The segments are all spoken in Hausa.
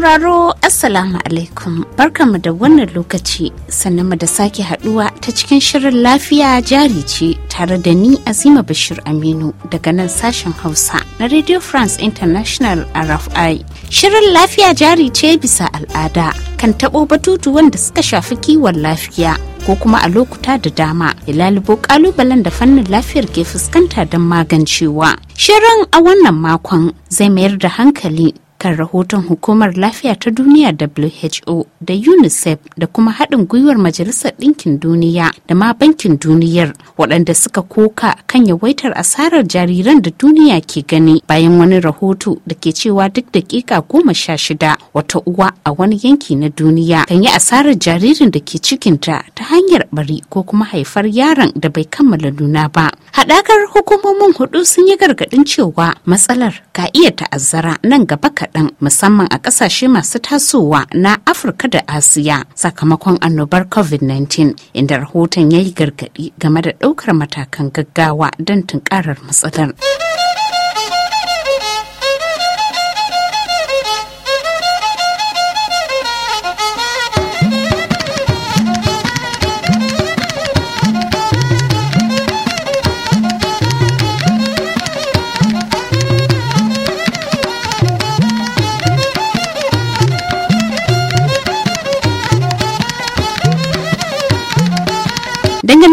sauraro Assalamu alaikum barkanmu da wannan lokaci sannan da sake haduwa ta cikin shirin lafiya jari ce tare da ni Azima Bashir Aminu daga nan sashen Hausa na Radio France International RFI. Shirin lafiya jari ce bisa al'ada kan taɓo batutu wanda suka shafi kiwon lafiya ko kuma a lokuta da dama ya lalubo kalubalen da fannin lafiyar ke fuskanta don magancewa. Shirin a wannan makon zai mayar da hankali kan rahoton hukumar lafiya ta duniya who da unicef da kuma haɗin gwiwar majalisar ɗinkin duniya da ma bankin duniyar waɗanda suka koka kan yawaitar asarar jariran da duniya ke gani bayan wani rahoto da ke cewa duk dakika goma sha shida wata uwa a wani yanki na duniya kan yi asarar jaririn da ke cikinta ta hanyar bari ko kuma haifar yaron da bai kammala nuna ba haɗakar hukumomin hudu sun yi gargadin cewa matsalar ka iya ta'azzara nan gaba kaɗan kaɗan musamman a ƙasashe masu tasowa na Afirka da Asiya sakamakon annobar COVID-19 inda rahoton ya yi gargaɗi game da ɗaukar matakan gaggawa don tunƙarar matsalar.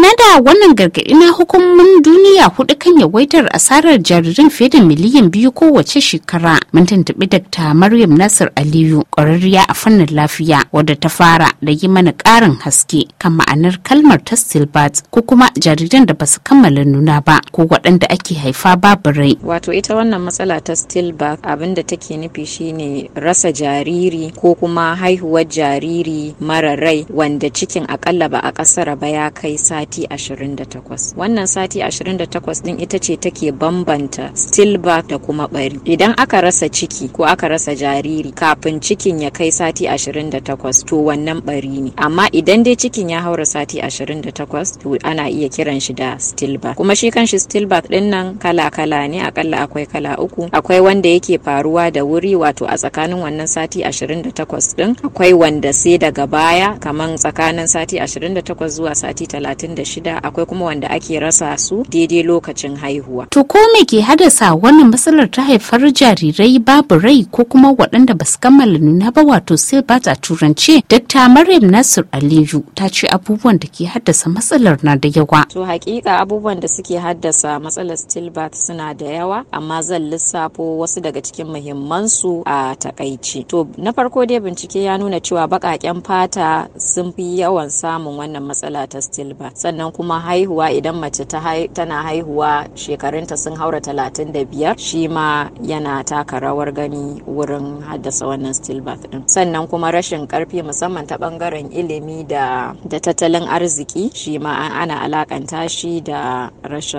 na da wannan gargaɗi na hukumomin duniya hudu kan yawaitar asarar jaririn fiye da miliyan biyu kowace shekara mun tuntuɓi ta maryam nasir aliyu ƙwararriya a fannin lafiya wadda ta fara da yi mana ƙarin haske kan ma'anar kalmar ta stilbat ko kuma jariran da basu kammala nuna ba ko waɗanda ake haifa babu rai wato ita wannan matsala ta stillbirth abin da take nufi shine rasa jariri ko kuma haihuwar jariri mara rai wanda cikin akalla ba a ƙasara ba ya kai sati sati 28 wannan sati 28 din ita ce take bambanta stillbirth da kuma bari idan aka rasa ciki ko aka rasa jariri kafin cikin ya kai sati 28 to wannan bari ne amma idan dai cikin ya haura sati 28 to ana iya kiran shi da stillbirth kuma shi kanshi stillbirth din nan kala kala ne akalla akwai kala uku akwai wanda yake faruwa da wuri wato a tsakanin wannan sati 28 din akwai wanda sai daga baya kaman tsakanin sati 28 zuwa sati 30 da shida akwai kuma wanda ake rasa su daidai lokacin haihuwa. To ko me ke haddasa wannan matsalar ta haifar jarirai babu rai ko kuma waɗanda ba su kammala nuna ba wato ba a turance Dr. Maryam Nasir Aliyu ta ce abubuwan da ke haddasa matsalar na da yawa. To hakika abubuwan da suke haddasa matsalar stillbirth suna da yawa amma zan lissafo wasu daga cikin muhimman su a takaici. To na farko dai bincike ya nuna cewa baƙaƙen fata sun fi yawan samun wannan matsala ta stillbirth. sannan kuma haihuwa idan mace tana haihuwa shekarunta sun haura talatin 35 shi ma yana taka rawar gani wurin haddasa wannan stillbirth din sannan kuma rashin karfi musamman ta bangaren ilimi da da tattalin arziki shi ma ana alakanta shi da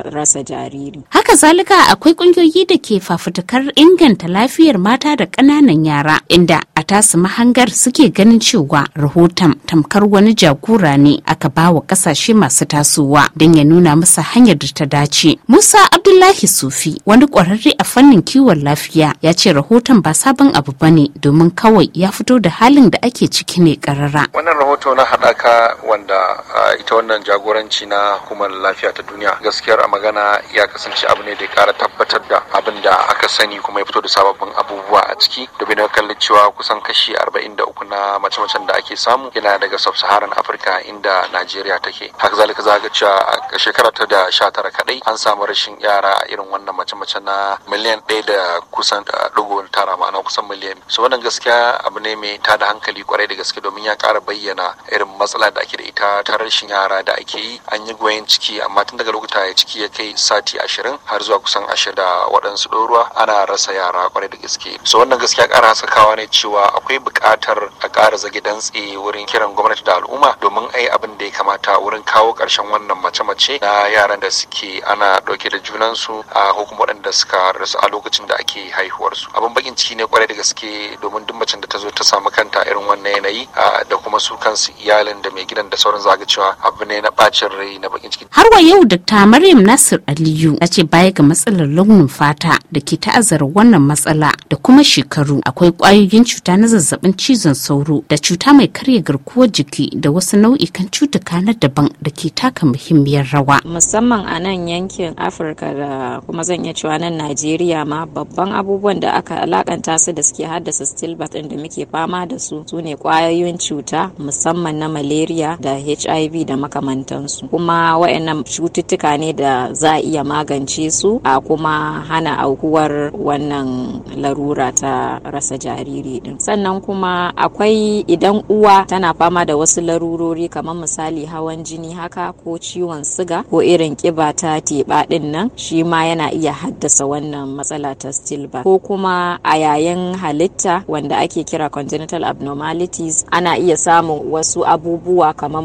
rasa jariri haka zalika akwai kungiyoyi da ke fafutukar inganta lafiyar mata da ƙananan yara inda tasu mahangar suke ganin cewa rahoton tamkar wani jagora ne aka ba wa kasashe masu tasowa don ya nuna masa hanyar da ta dace. Musa Abdullahi Sufi wani kwararre a fannin kiwon lafiya ya ce rahoton ba sabon abu ba ne domin kawai ya fito da halin da ake ciki ne karara. Wannan rahoto na haɗaka wanda ita wannan jagoranci na hukumar lafiya ta duniya gaskiyar a magana ya kasance abu ne da ya kara tabbatar da abin da aka sani kuma ya fito da sababbin abubuwa a ciki domin kalli cewa kusan kusan kashi 43 na mace-macen da ake samu yana daga sub-saharan Afirka inda Najeriya take. Haka zalika za ga cewa a shekara ta da tara kadai an samu rashin yara a irin wannan mace-mace na miliyan ɗaya da kusan digo tara ma'ana kusan miliyan. So wannan gaskiya abu ne mai tada hankali kwarai da gaske domin ya kara bayyana irin matsala da ake da ita ta rashin yara da ake yi an yi goyon ciki amma tun daga lokuta ya ciki ya kai sati ashirin har zuwa kusan ashirin da waɗansu ɗoruwa ana rasa yara kwarai da gaske so wannan gaskiya ƙara sakawa ne cewa akwai buƙatar a ƙara zage dantse wurin kiran gwamnati da al'umma domin ai abin da ya kamata wurin kawo ƙarshen wannan mace-mace na yaran da suke ana ɗauke da junansu a hukumar waɗanda suka rasu a lokacin da ake haihuwarsu abin bakin ciki ne kwarai da gaske domin duk macen da ta zo ta samu kanta irin wannan yanayi da kuma su kansu iyalin da mai gidan da sauran zaga cewa abu ne na bacin rai na bakin ciki har wa yau dr maryam nasir aliyu ta ce baya ga matsalar launin fata da ke ta'azzara wannan matsala da kuma shekaru akwai ƙwayoyin cuta na zazzabin cizon sauro da cuta mai karya garkuwar jiki da wasu nau'ikan cutuka na daban da ke taka muhimmiyar rawa musamman a nan yankin afirka da kuma zan iya cewa nan najeriya ma babban abubuwan da aka alakanta su da suke haddasa stillbirth da muke fama da su su ne kwayoyin cuta musamman na malaria da hiv da makamantansu kuma wa'annan cututtuka ne da za a iya magance su a kuma hana aukuwar wannan larura ta rasa jariri din sannan kuma akwai idan uwa tana fama da wasu larurori kamar misali hawan jini haka ko ciwon siga ko irin kiba ta teɓa ɗin nan shi ma yana iya haddasa wannan matsala ta stillbirth ko kuma a yayin halitta wanda ake kira congenital abnormalities ana iya samun wasu abubuwa kamar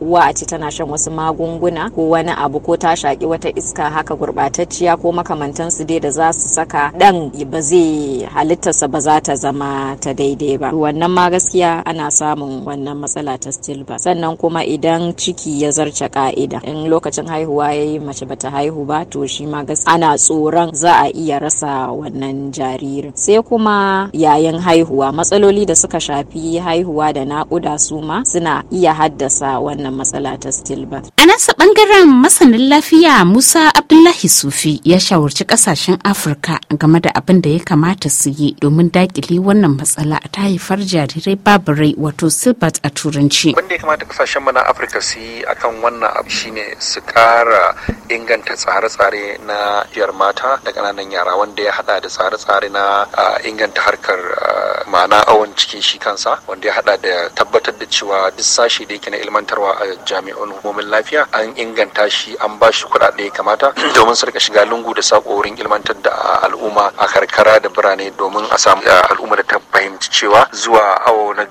uwa a ce tana shan wasu magunguna ko wani abu ko ta shaƙi wata iska haka gurbatacciya ko makamantansu dai da za su saka ɗan ba zai halittarsa ba za ta zama ta daidai ba wannan ma gaskiya ana samun wannan matsala ta stillbirth sannan kuma idan ciki ya zarce ka'ida in lokacin haihuwa ya yi mace bata haihu ba to shi ma gaskiya ana tsoron za a iya rasa wannan jaririn sai kuma yayin haihuwa matsaloli da suka shafi haihuwa da naƙuda su ma suna iya haddasa wannan matsala ta stillbirth a nasa bangaren masanin lafiya musa abdullahi sufi ya shawarci kasashen afirka game da abin da ya kamata su yi domin daƙile wannan matsala Allah ta haifar jarirai babu rai wato silbat a turanci. Wanda ya kamata kasashen mu Afirka su yi akan wannan abu shine su kara inganta tsare-tsare na yar mata da ƙananan yara wanda ya hada da tsare-tsare na inganta harkar ma'ana awon cikin shi kansa wanda ya hada da tabbatar da cewa duk sashi da yake na ilmantarwa a jami'an hukumomin lafiya an inganta shi an ba shi kuɗaɗe ya kamata domin su rika shiga lungu da sako ilmantar da al'umma a karkara da birane domin a samu al'umma da cewa zuwa awo na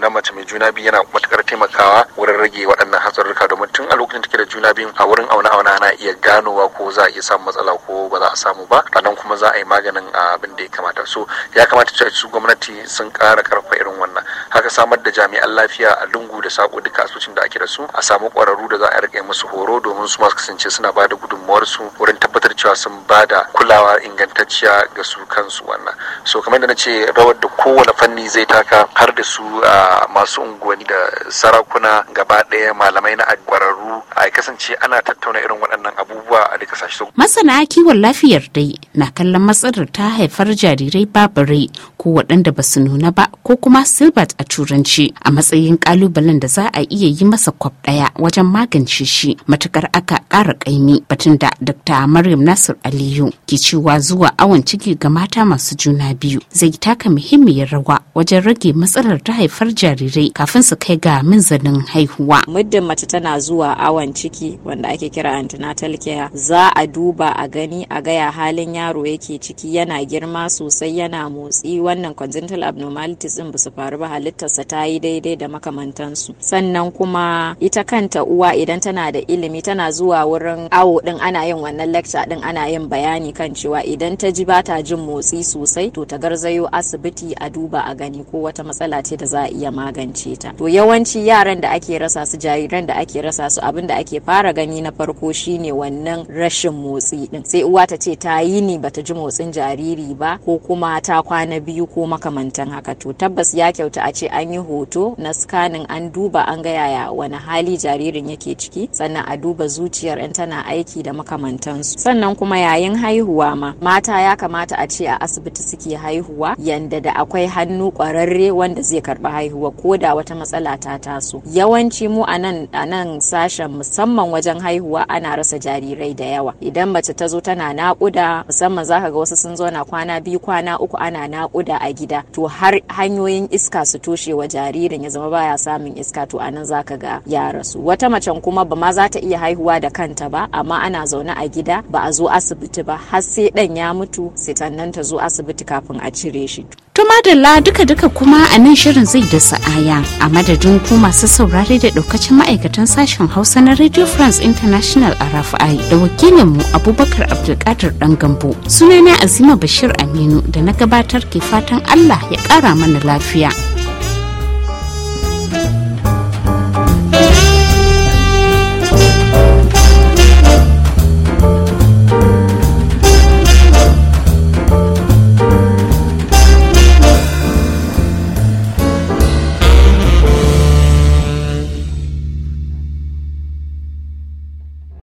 na mace mai juna biyu yana matukar taimakawa wurin rage waɗannan hatsarurruka domin tun a lokacin take da juna biyu a wurin auna auna ana iya ganowa ko za a iya samun matsala ko ba za a samu ba sannan kuma za a yi maganin ah, abin da ya kamata so ya kamata su gwamnati sun ƙara karfa irin wannan haka samar da jami'an lafiya a lungu da sako duka asibitin da ake da su a samu kwararru da za a rika musu horo domin su masu kasance suna bada da gudunmuwar su wurin tabbatar cewa sun bada kulawa ingantacciya ga su kansu wannan so kamar da na ce rawar da kowane fanni zai taka har da su a masu unguwanni da sarakuna gaba ɗaya malamai na kwararru a kasance ana tattauna irin waɗannan abubuwa a duka sashi masana kiwon lafiyar dai na kallon matsalar ta haifar jarirai babare ko waɗanda ba su nuna ba ko kuma silba Gilbert a turanci a matsayin kalubalen da za a iya yi masa kwab daya wajen magance shi matukar aka kara kaimi batun da Dr. Maryam Nasir Aliyu ke cewa zuwa awon ciki ga mata masu juna biyu zai taka muhimmiyar rawa wajen rage matsalar ta haifar jarirai kafin su kai ga minzanin haihuwa. Muddin mace tana zuwa awon ciki wanda ake kira antenatal care za a duba a gani a gaya halin yaro yake ciki yana girma sosai yana motsi wannan congenital abnormalities din ba su faru ba halittarsa ta yi daidai da makamantansu sannan kuma ita kanta uwa idan tana da ilimi tana zuwa wurin awo din ana yin wannan lecture din ana yin bayani kan cewa idan ta ji bata jin motsi sosai to ta garzayo asibiti a duba a gani ko wata matsala ce da za a iya magance ta to yawanci yaran da ake rasa su jariran da ake rasa su abin da ake fara gani na farko shine wannan rashin motsi din sai uwa ta ce ta yi ni bata ji motsin jariri ba ko kuma ta kwana biyu ko makamantan haka to tabbas ya kyauta kamata a ce an yi hoto na scanning an duba an ga yaya wani hali jaririn yake ciki sannan a duba zuciyar in tana aiki da makamantansu sannan kuma yayin haihuwa ma mata ya kamata a ce a asibiti suke haihuwa yanda da akwai hannu kwararre wanda zai karba haihuwa ko da wata matsala ta taso yawanci mu a nan a nan sashen musamman wajen haihuwa ana rasa jarirai da yawa idan mace ta zo tana naƙuda musamman zaka ga wasu sun zo na kwana biyu kwana uku ana naƙuda a gida to har hanyoyin iska su toshe wa jaririn ya zama baya samun iska to anan zaka ga ya rasu wata macen kuma ba ma za ta iya haihuwa da kanta ba amma ana zaune a gida ba a zo asibiti ba har sai dan ya mutu sai sannan ta zo asibiti kafin a cire shi to madalla duka duka kuma a nan shirin zai da aya a madadin ku masu saurare da daukacin ma'aikatan sashen hausa na radio france international a rafi da mu abubakar abdulkadir dan gambo sunana azima bashir aminu da na gabatar ke fatan allah ya kara mana lafiya